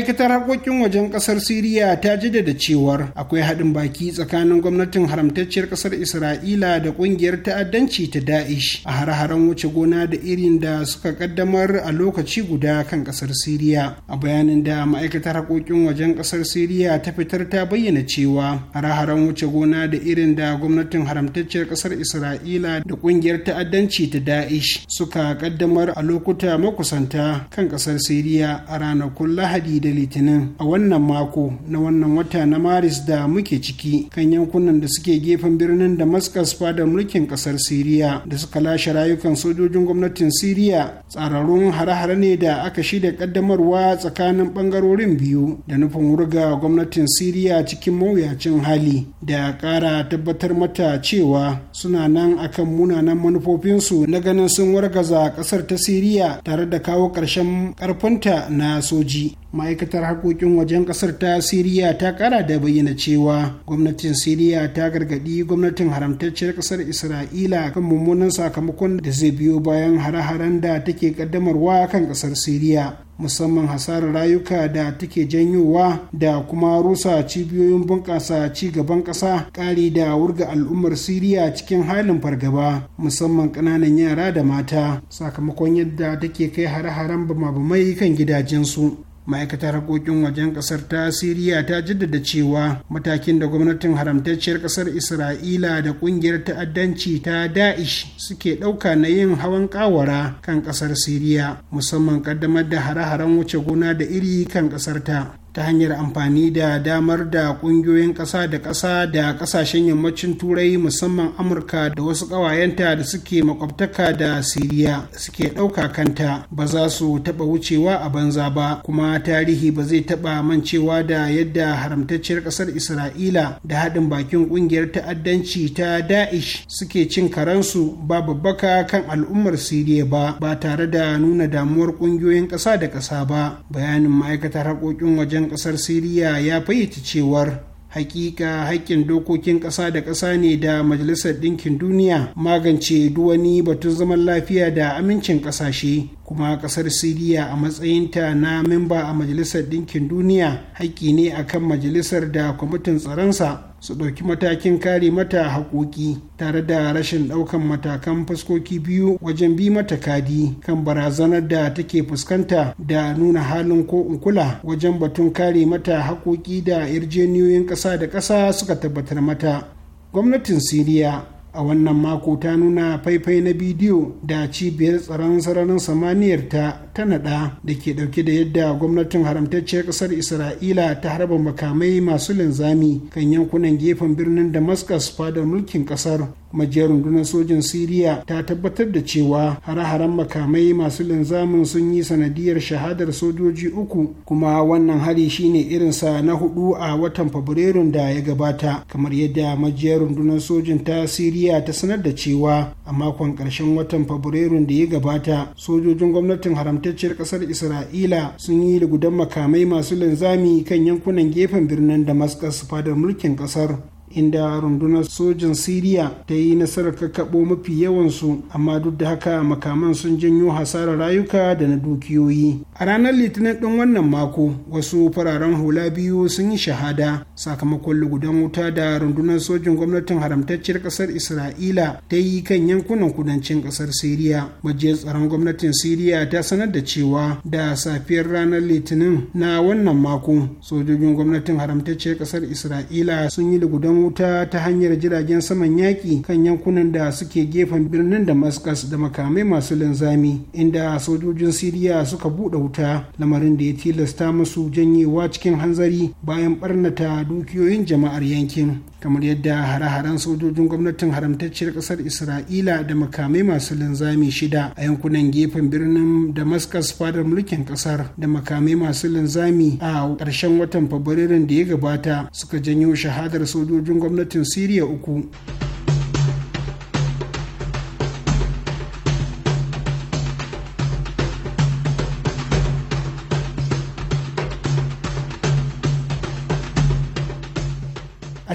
ma'aikatar harkokin wajen kasar siriya ta jaddada cewar akwai haɗin baki tsakanin gwamnatin haramtacciyar kasar isra'ila da ƙungiyar ta'addanci ta da'ish a har haren wuce gona da irin da suka kaddamar a lokaci guda kan kasar siriya a bayanin da ma'aikatar harkokin wajen kasar siriya ta fitar ta bayyana cewa har haren wuce gona da irin da gwamnatin haramtacciyar kasar isra'ila da ƙungiyar ta'addanci ta da'ish suka kaddamar a lokuta makusanta kan kasar siriya a ranakun lahadi da da litinin a wannan mako na wannan wata na maris da muke ciki kan yankunan da suke gefen birnin damascus fadar mulkin kasar siriya da suka lashe rayukan sojojin gwamnatin siriya tsararrun hare-hare ne da aka shida kaddamarwa tsakanin bangarorin biyu da nufin wurga gwamnatin siriya cikin mawuyacin hali da kara tabbatar mata cewa suna nan akan munanan manufofinsu na ganin sun wargaza kasar ta siriya tare da kawo ƙarshen ƙarfinta na soji ma'aikatar harkokin wajen ƙasar ta siriya ta kara da bayyana cewa gwamnatin siriya ta gargaɗi gwamnatin haramtacciyar ƙasar isra'ila kan mummunan sakamakon da zai biyo bayan hare-haren da take ƙaddamarwa kan ƙasar siriya musamman hasarar rayuka da take janyowa da kuma rusa cibiyoyin bunƙasa ci gaban ƙasa ƙari da wurga al'ummar siriya cikin halin fargaba musamman ƙananan yara da mata sakamakon yadda take kai hare-haren bama-bamai kan gidajensu ma'aikatar harkokin wajen kasar ta siriya ta jaddada cewa matakin da gwamnatin haramtacciyar kasar isra'ila da kungiyar ta'addanci ta da'ish suke ɗauka na yin hawan kawara kan kasar siriya musamman kaddamar da hare-haren wuce gona da iri kan kasar ta ta hanyar amfani da damar da kungiyoyin ƙasa da ƙasa da ƙasashen yammacin turai musamman amurka da wasu ƙawayenta da suke makwabtaka da siriya suke ɗauka kanta ba za su taɓa wucewa a banza ba kuma tarihi ba zai taɓa mancewa da yadda haramtacciyar ƙasar isra'ila da haɗin bakin ƙungiyar ta'addanci ta da'ish suke cin karansu ba babbaka kan al'ummar siriya ba ba tare da nuna damuwar ƙungiyoyin ƙasa da ƙasa ba bayanin ma'aikatar haƙoƙin wajen wajen kasar siriya ya fayyace cewar hakika haƙƙin dokokin ƙasa da ƙasa ne da majalisar ɗinkin duniya magance duwani batun zaman lafiya da amincin ƙasashe kuma ƙasar siriya a matsayinta na memba a majalisar ɗinkin duniya haƙƙi ne akan majalisar da kwamitin tsaronsa su ɗauki matakin kare mata haƙoƙi tare da rashin ɗaukan matakan fuskoki biyu wajen bi mata kadi kan barazanar da take fuskanta da nuna halin ko kula wajen batun kare mata haƙoƙi da yarjeniyoyin ƙasa da ƙasa suka tabbatar mata gwamnatin siriya a wannan mako ta nuna faifai na bidiyo da cibiyar tsaron sararin samaniyar ta ta nada da ke dauke da yadda gwamnatin haramtacciyar kasar isra'ila ta harba makamai masu linzami kan yankunan gefen birnin damascus fadar mulkin kasar majiyar rundunar sojin siriya ta tabbatar da cewa hare-haren makamai masu linzamin sun yi sanadiyar shahadar sojoji uku kuma wannan hari shine irinsa na hudu a watan fabrairun da ya gabata kamar yadda majiyar rundunar sojin ta siriya ta sanar da cewa a makon karshen watan fabrairun da ya gabata sojojin gwamnatin haramtacciyar kasar isra'ila sun yi lugudan makamai masu linzami kan yankunan gefen birnin damascus fadar mulkin kasar inda rundunar sojin siriya ta yi nasarar kakkaɓo mafi yawansu amma duk da haka makaman sun janyo hasarar rayuka da na dukiyoyi a ranar litinin ɗin wannan mako wasu fararen hula biyu sun yi shahada sakamakon lugudan wuta da rundunar sojin gwamnatin haramtacciyar ƙasar isra'ila ta yi kan yankunan kudancin ƙasar siriya majiyar tsaron gwamnatin siriya ta sanar da cewa da safiyar ranar litinin na wannan mako sojojin gwamnatin haramtacciyar ƙasar isra'ila sun yi lugudan wuta ta hanyar jiragen saman yaƙi kan yankunan da suke gefen birnin damascus da makamai masu linzami inda sojojin siriya suka buɗe wuta lamarin da ya tilasta musu janyewa cikin hanzari bayan ɓarnata dukiyoyin jama'ar yankin kamar yadda hare-haren sojojin gwamnatin haramtacciyar ƙasar isra'ila da makamai masu linzami shida a yankunan gefen birnin damascus fadar mulkin ƙasar da makamai masu linzami a ƙarshen watan fabrairun da ya gabata suka janyo shahadar sojojin sojojin gwamnatin siriya uku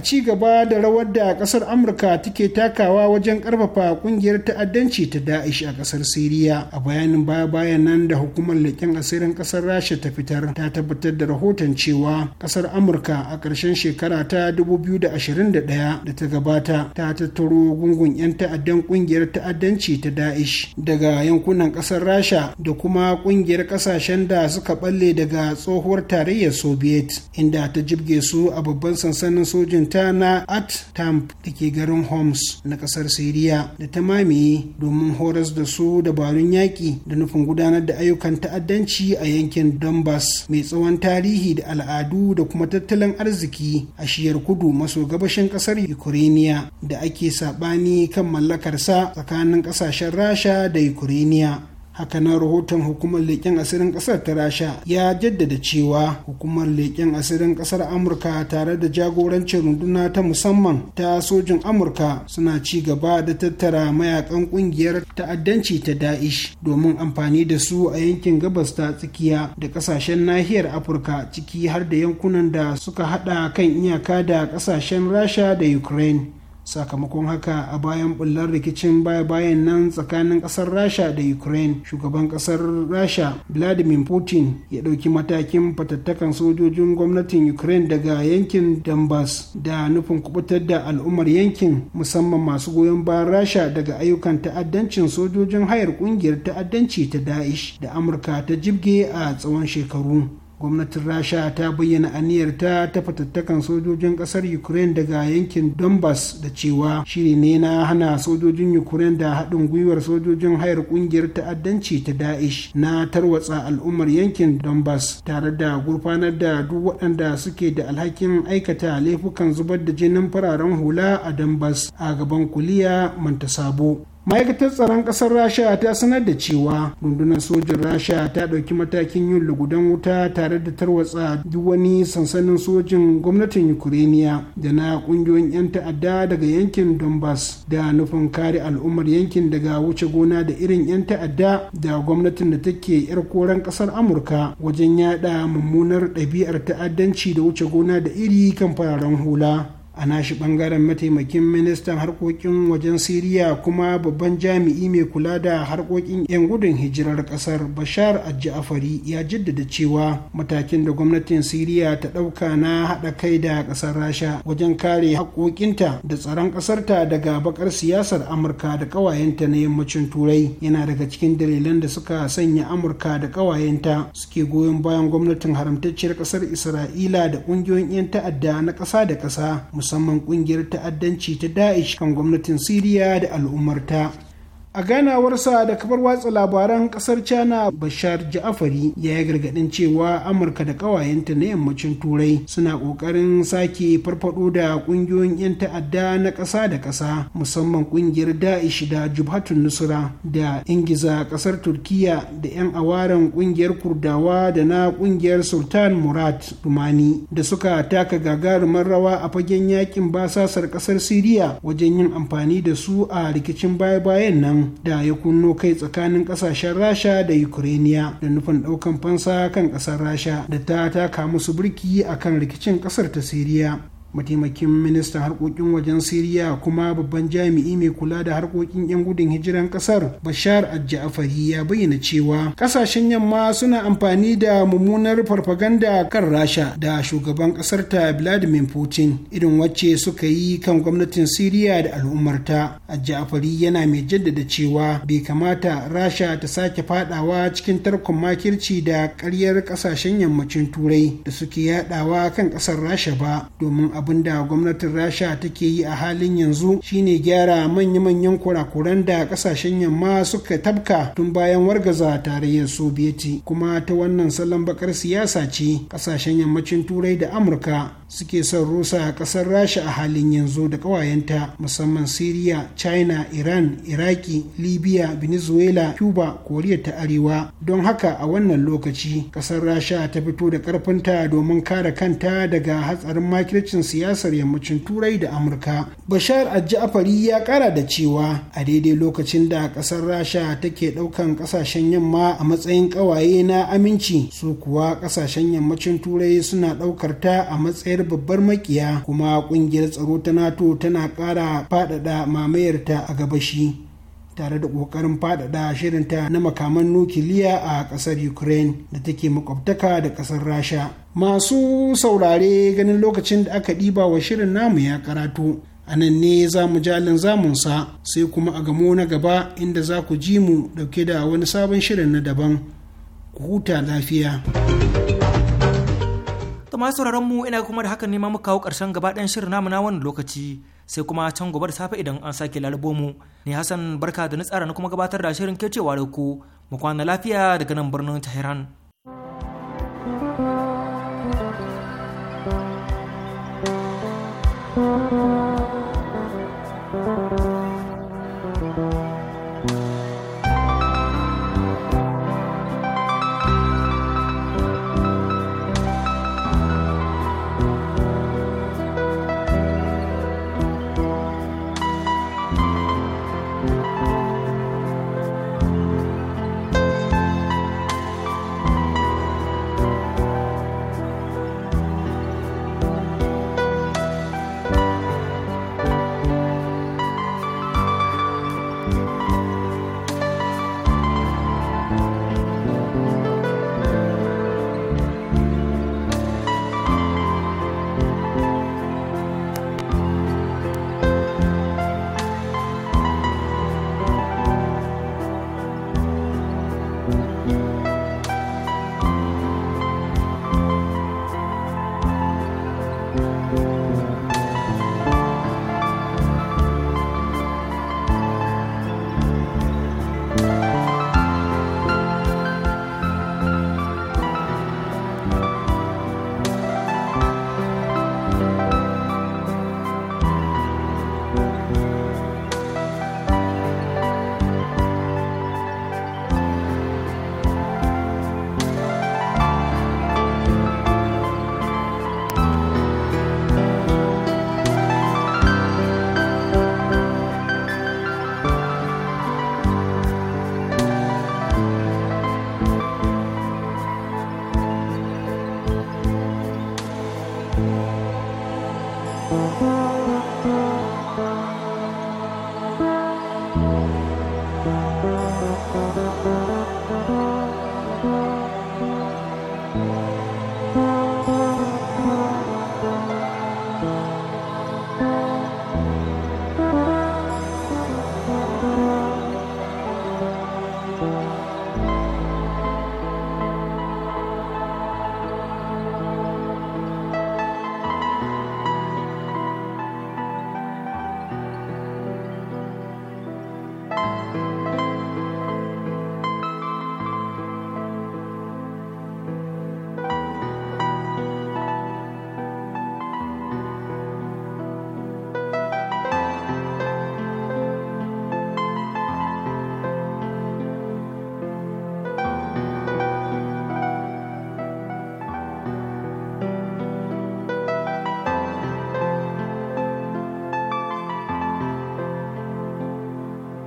ci gaba da rawar da kasar amurka take takawa wajen karfafa kungiyar ta'addanci ta da'ish a kasar siriya a bayanin baya bayan nan da hukumar leƙen asirin kasar rasha ta fitar ta tabbatar da rahoton cewa kasar amurka a ƙarshen shekara ta 2021 da ta gabata ta tattaro gungun 'yan ta'addan kungiyar ta'addanci ta da'ish daga yankunan kasar rasha da kuma kungiyar kasashen da suka balle daga tsohuwar tarayyar soviet inda ta jibge su a babban sansanin sojin ta na at tamp da ke garin homs na kasar siriya da ta mamaye domin horas da su dabarun yaƙi da nufin gudanar da ayyukan ta'addanci a yankin donbass mai tsawon tarihi da al'adu da kuma tattalin arziki a shiyar kudu maso gabashin kasar ukraine da ake saɓani kan mallakarsa tsakanin ƙasashen rasha da ukraine. haka nan rahoton hukumar leƙen asirin ƙasar ta rasha ya jaddada cewa hukumar leƙen asirin ƙasar amurka tare da jagorancin runduna ta musamman ta sojin amurka suna ci gaba da tattara mayakan ƙungiyar ta'addanci ta da'ish domin amfani da su a yankin gabas ta tsakiya da ƙasashen nahiyar afirka ciki har da yankunan da suka haɗa kan iyaka da ƙasashen rasha da ukraine sakamakon haka a bayan bullar rikicin baya-bayan nan tsakanin kasar rasha da ukraine shugaban kasar rasha vladimir putin ya ɗauki matakin fatattakan sojojin gwamnatin ukraine daga yankin donbass da nufin kubutar da al'ummar yankin musamman masu goyon bayan rasha daga ayyukan ta'addancin sojojin hayar kungiyar ta'addanci ta da'ish da amurka ta jibge a tsawon shekaru gwamnatin rasha ta bayyana aniyarta ta fatattakan sojojin kasar ukraine daga yankin donbass da cewa shiri ne na hana sojojin ukraine da haɗin gwiwar sojojin hayar ƙungiyar ta'addanci ta daesh na tarwatsa al'ummar yankin donbass tare da gurfanar da duk waɗanda suke da alhakin aikata laifukan zubar da jinin fararen hula a donbass a gaban kuliya manta sabo ma'aikatar tsaron kasar rasha ta sanar da cewa rundunar sojin rasha ta ɗauki matakin yin lugudan wuta tare da tarwatsa duk wani sansanin sojin gwamnatin ukrainiya da na ƙungiyoyin 'yan ta'adda daga yankin donbass da nufin kare al'ummar yankin daga wuce gona da irin 'yan ta'adda da gwamnatin da take yar koren ƙasar amurka wajen yada mummunar ɗabi'ar ta'addanci da wuce gona da iri kan fararen hula a nashi bangaren mataimakin ministan harkokin wajen siriya kuma babban jami'i mai kula da harkokin 'yan gudun hijirar kasar bashar ajja'afari ya jaddada cewa matakin da gwamnatin siriya ta ɗauka na haɗa kai da ƙasar rasha wajen kare haƙoƙinta da tsaron ƙasarta daga bakar siyasar amurka da ƙawayenta na yammacin turai yana daga cikin dalilan da suka sanya amurka da ƙawayenta suke goyon bayan gwamnatin haramtacciyar ƙasar isra'ila da ƙungiyoyin 'yan ta'adda na ƙasa da ƙasa musamman kungiyar ta'addanci ta da'ish kan gwamnatin siriya da al'ummarta a ganawarsa da kafar watsa labaran kasar china bashar ja'afari ya yi gargadin cewa amurka da kawayenta na yammacin turai suna kokarin sake farfado da kungiyoyin 'yan ta'adda na ƙasa da ƙasa musamman kungiyar da'ish da jubhatun nusra da ingiza kasar turkiya da 'yan awaren kungiyar kurdawa da na kungiyar sultan murad rumani da suka taka gagarumar rawa a fagen yakin basasar kasar siriya wajen yin amfani da su a rikicin baya-bayan nan da ya kunno kai tsakanin kasashen rasha da ukrainiya da nufin daukan fansa kan kasar rasha da ta taka musu birki akan rikicin kasar ta siriya mataimakin ministan harkokin wajen siriya kuma babban jami'i mai kula da harkokin 'yan gudun hijiran kasar bashar al-ja'afari ya bayyana cewa kasashen yamma suna amfani da mummunar farfaganda kan rasha da shugaban kasar ta vladimir putin irin wacce suka yi kan gwamnatin siriya da al'ummarta al-ja'afari yana mai jaddada cewa bai kamata rasha ta sake fadawa cikin tarkon makirci da karyar kasashen yammacin turai da suke yadawa kan kasar rasha ba domin a abin da gwamnatin rasha take yi a halin yanzu shine gyara manya-manyan kurakuran da kasashen yamma suka tabka tun bayan wargaza tarayyar sobiyeti kuma ta wannan salon bakar siyasa ce kasashen yammacin turai da amurka suke son rusa kasar rasha a halin yanzu da kawayenta musamman syria china iran iraki libya venezuela cuba koriya ta arewa don haka a wannan lokaci kasar rasha ta fito da karfinta domin kare kanta daga hatsarin makircin siyasar yammacin turai da amurka bashar ajja'afari ya kara da cewa a daidai lokacin da kasar rasha take daukan kasashen yamma a matsayin kawaye na aminci su kuwa kasashen yammacin turai suna daukar ta a matsayar babbar makiya kuma kungiyar tsaro ta nato tana kara faɗaɗa mamayarta a gabashi tare da kokarin faɗaɗa shirinta na makaman nukiliya a ƙasar ukraine da take makwabtaka da ƙasar rasha masu saurare ganin lokacin da aka ɗiba wa shirin namu ya karatu a nan ne za mu jalin zamunsa sai kuma a gamo na gaba inda za ku ji mu dauke da wani sabon shirin na daban ku huta lafiya to masu mu ina kuma da hakan ne ma muka kawo ƙarshen gaba ɗayan shirin namu na wannan lokaci sai kuma can gobe da safe idan an sake lalubo mu ne hassan barka da na tsara na kuma gabatar da shirin ke cewa da ku mu kwana lafiya daga nan birnin tehran